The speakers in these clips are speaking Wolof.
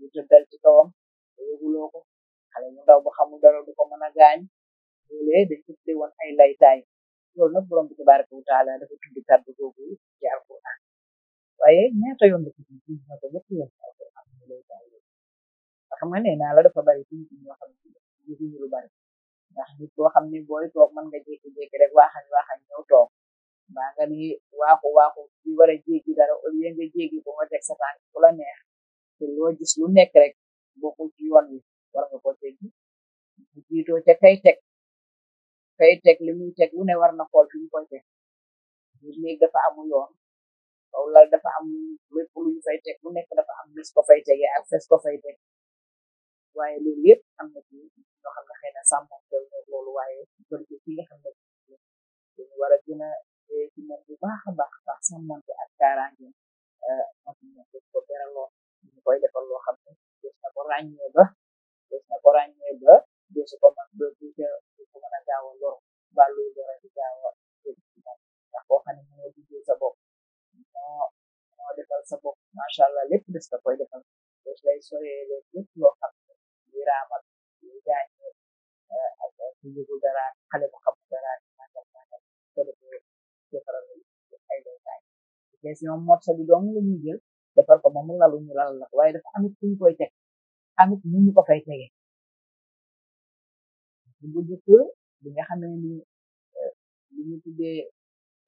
du tëddal ci kawam te yëguloo ko xale bu bu xamul dara du ko a gaañ loolee dañ ko tudde woon ay laytaay loolu nag borom bi tabaraka wa taala dafa tuddi kàddu yoon dafa ci ci ñoo ko ñëpp yoon ci alquran ñu laytaay yooyu xam nga nee naa la booy toog mën nga jékki-jékki rek waaxañ waaxañ ñëw toog mbaa nga ni bi war a jéegi dara au lieu nga jéegi ko nga teg neex te loo gis lu nekk rek bokkul ci yoon wi war nga ko teggi bu jiitoo ca kay kay teg li muy teg lu na xool fi mu koy teg biir dafa amu yoon kaw lal lu ñu fay lu nekk dafa am mis ko fay tegee ak fes ko fay waaye loolu xam ne xëy na sàmmoom tew ne loolu waaye xam ne dañu a gën a ci moom bu baax a baax baax sàmmonte ak kaaraange euh, koy defal loo xam ne des na ko ràññee ba des na ko ràññee ba desu ko mag ba du ca ko mën a gaaw balu lor ba luy lora di gaaw a ndax koo xam ne moo liggéey sa bopp moo moo defal sa bopp macha allah lépp des na koy defal des lay soree lépp lépp loo xam ne di raamal di gaañee ak di yëgu dara xale bu xam dara nangam nangam ko defee defaral ay doy gaañ. Question morceau bi dong la ñuy jël defal ko moom mu lalu ñu lalal la ko waaye dafa amit fu ñu koy teg amit nu ñu ko fay tege bu njëkk bi nga xam ne ni eh, li ñu tuddee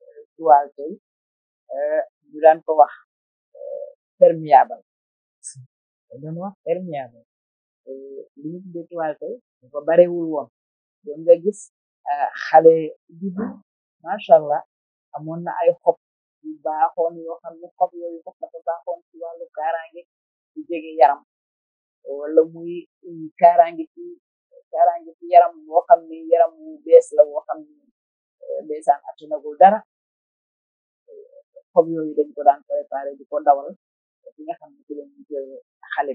eh, toile eh, daan ko wax perméable dañ doon wax perméable li ñu tuddee toile woon doon nga gis xale jibi macha allah amoon na ay xob yu baaxoon yoo xam ne xob yooyu xob dafa baaxoon jege yaram wala muy kaaraange ci kaaraange ci yaram woo xam ne yaram wu bees la woo xam ne euh, ndeysaan attanagul dara comme yooyu dañ ko daan préparé di ko dawal fi nga xam ne ci lañu jël xale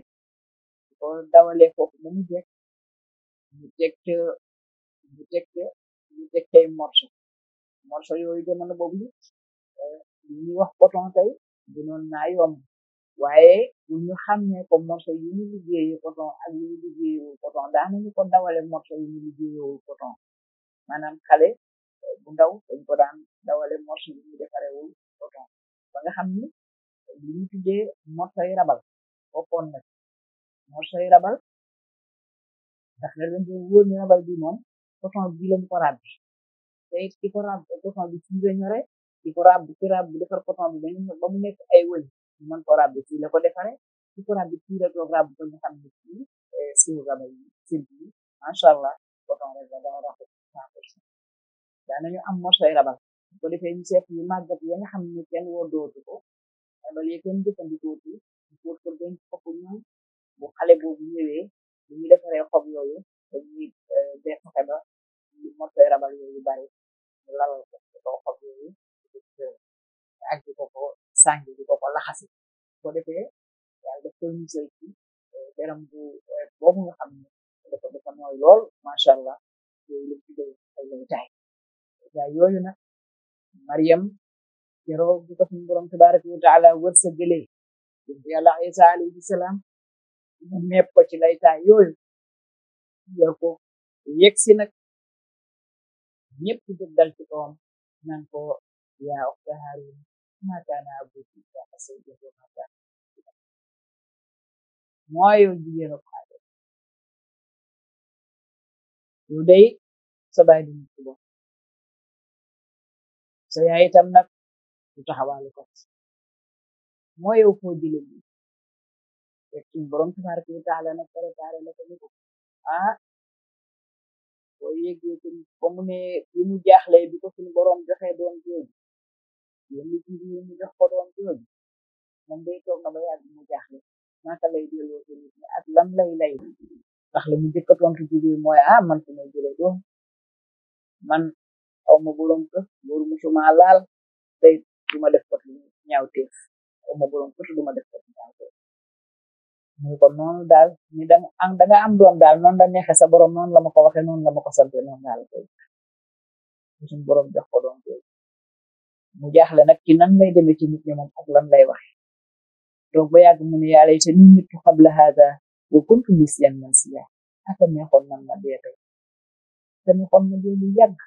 bi tey morso morso yooyu jamono boobu euh, ñu wax coton tey bu noonu naa waaye ñu xam ne comme morceau yu ñu liggéeyee coton ak yu ñu liggéeyewul coton daanañu ko dawale morceau yu ñu liggéeyewul xale eh, bu ndaw ko daan dawale morceau yu ñu defarewul coton ba xam ni li ñu tuddee morceau yi rabal bokkoon na morceau moom coton bi lañu ko ki ko ràbb defar coton bi ba mu nekk ay man programme bi fii la ko defaree ci programme bi fii la programme bi ko xam ne fii suñu rabal yi sëb yi macha allah coton rek la dama rafet cent pour cent daanañu am morsoy rabal bu ko defee ñu seet ñu màggat ya nga xam ne kenn woo ko rabal yi ko denc ko fu ñu bu xale boobu ñëwee bu xob yooyu dañuy dee rabal yooyu bari lal sànge bi boo ko laxase bu ko defee yàlla daf koy musal ci deram bu boobu nga xam ne dafa dafa nooy lool macha allah yooyu lañ tuddee ay laytaay laytaay yooyu nag Mariam keroo salaam mu mepp ci laytaay yooyu yor ko yegg si nag ci kawam naan ko yaa uxta mata na aboki da kasar da mata moyo jiyero kwado yudai sabadi mutuwa sa yayi tamnak ta hawalu ko moyo ko dilimi yakin borom tabar ko ta ala na tare tare na ko a ko yegi ko mu ne bi mu jaxle bi ko sun borom joxe doon jooju yéen ci biir ñu jox ko doom jooju moom yang toog na ba lay delloo jullit ñi ak lan lay lay ndax la man fu man aw mau borom kër booru musuh malal. tey cuma ma def kot lu ñaaw teef aw ma borom kër du ma def kot ñaaw ni da nga am doom daal noonu la neexee sa borom mu jaaxle nag ci nan lay demee ci nit ñi moom ak lan lay wax donc ba yàgg mu ne yàlla te ni nit xabla hada wa kuntu nisyan mansiya aka neexoon nan ma dee tey te neexoon na dee lu yàgg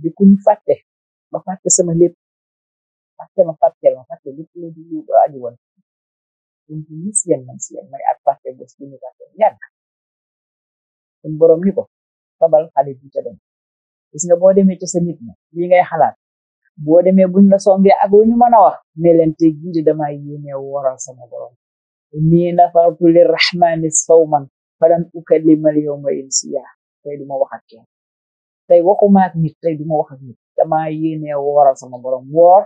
di ku ñu fàtte ba fàtte sama lépp fàtte ma fàtte ma fàtte lépp lu di lu aju woon kuntu nisyan mansiya may ak fàtte bés bu ñu fàtte yàgg sun borom ni ko fabal xale bi ca dem gis nga boo demee ci sa nit ñi lii ngay xalaat boo demee buñ la songee ak lu ñu mën a wax ne leen te jiidi damaa yéene waral sama borom nii nafartu li rahmani sawman falam ukallimal yawma insiya tey duma wax ak kenn tey waxuma ak nit tey duma wax ak nit damaa yéene waral sama borom woor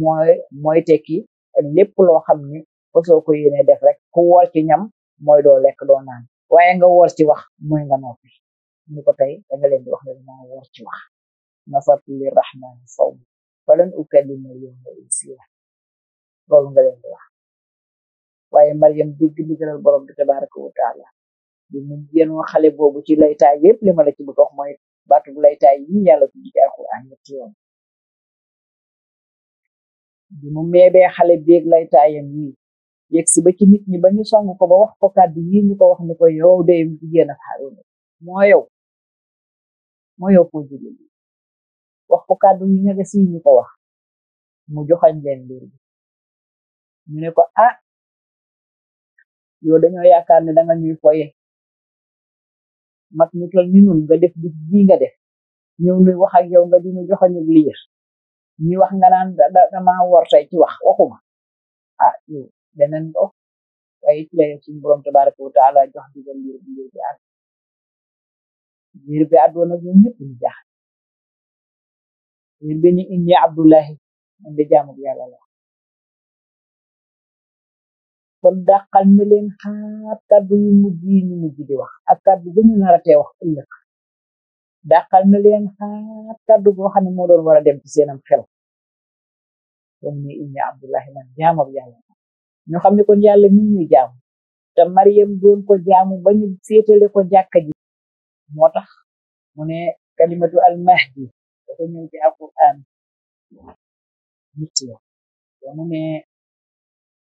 mooy mooy tekki lépp loo xam ne soo ko yéene def rek ku woor ci ñam mooy doo lekk doo naan waaye nga woor ci wax mooy nga noppi ñu ko tey da nga di wax ne damaa woor ci wax nafartu li rahmani sawman falan ukallimu al-yawma insiya loolu nga leen di wax waaye Maryam dégg xale boobu ci laytaay yëpp li ma la ci bëgg wax mooy baatu laytaay yi yàlla tuddi ci alquran ñetti yoon bi mu meebee xale beeg laytaayam yi yegg ba ci nit ñi ba ñu song ko ba wax ko kàddu yi ñu ko wax ni ko yow de jigéen a Haaruna moo yow wax ko kàddu yu ñaga si ñu ko wax mu joxañ leen mbir bi ñu ne ko ah yow dañoo yaakaar ne danga ñuy foye mag ñu tol ni nun nga def bis bii def ñëw nuy wax ak yow nga di joxa joxañug liir ñi wax nga naan dama war tey ci wax waxuma ah yow beneen ko waaye it la suñu borom tabaraka wa taala jox digal mbir bi mbir bi àdd mbir bi àddoon ɓe ni inni abdullahi man de jamu yalla ya la kon dakal ni len xaar kàddu yu mujj yi ñu di wax ak kaddu bu ñu nar a wax ëlëk dakal ni len xaar kàddu bo xam mo doon wara dem ci seenam xel kon ni indi abdullah man jamu yalla la ñu xamni kon yalla mi ñuy jamu te maryam doon ko jamu bañu sétalé ko jàkka ji moo mu ne kalimatu al mahdi ko ñëw ci alquran gitu. nit do mu ne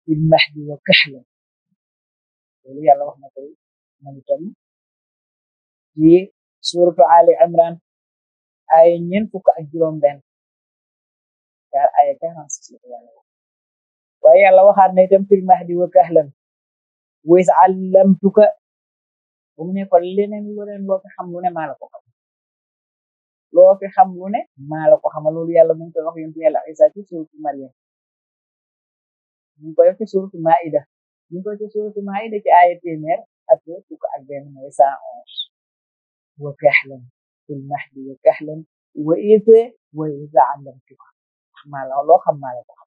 bil mahdi wa kaxla ya. loolu yalla ya wax na mo ngi tam ci suratu ali imran ay ñen fukk ak juroom ben car ay quarante six la ya. ko yalla wax waaye yàlla fil mahdi wa kahla wa is allamtuka mu ne ko leneen lu leen loo xam lu ne mala ko xam loo fi xam lu ne maa la ko xamal loolu yàlla mu ngi koy wax yontu yàlla Isa ci suuratu Maryam ñu ngi koy wax ci suuratu Maïda ñu ngi koy ci suuratu Maïda ci aaya téeméer ak fukk ak benn mooy cent onze wa kahlan fil mahdi wa kahlan wa iza wa iza allamtuka maa la loo xam maa la ko xam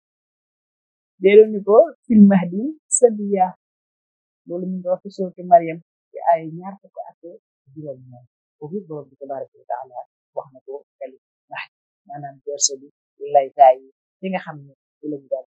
déedoon ni ko fil mahdi sabiya loolu ngi wax ci suuratu bi tabaraka taala wax na ko kali ndax maanaam berse bi laytaay yi li nga xam ne ci lañ daan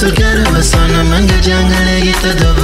تو گرم سانم من جنگل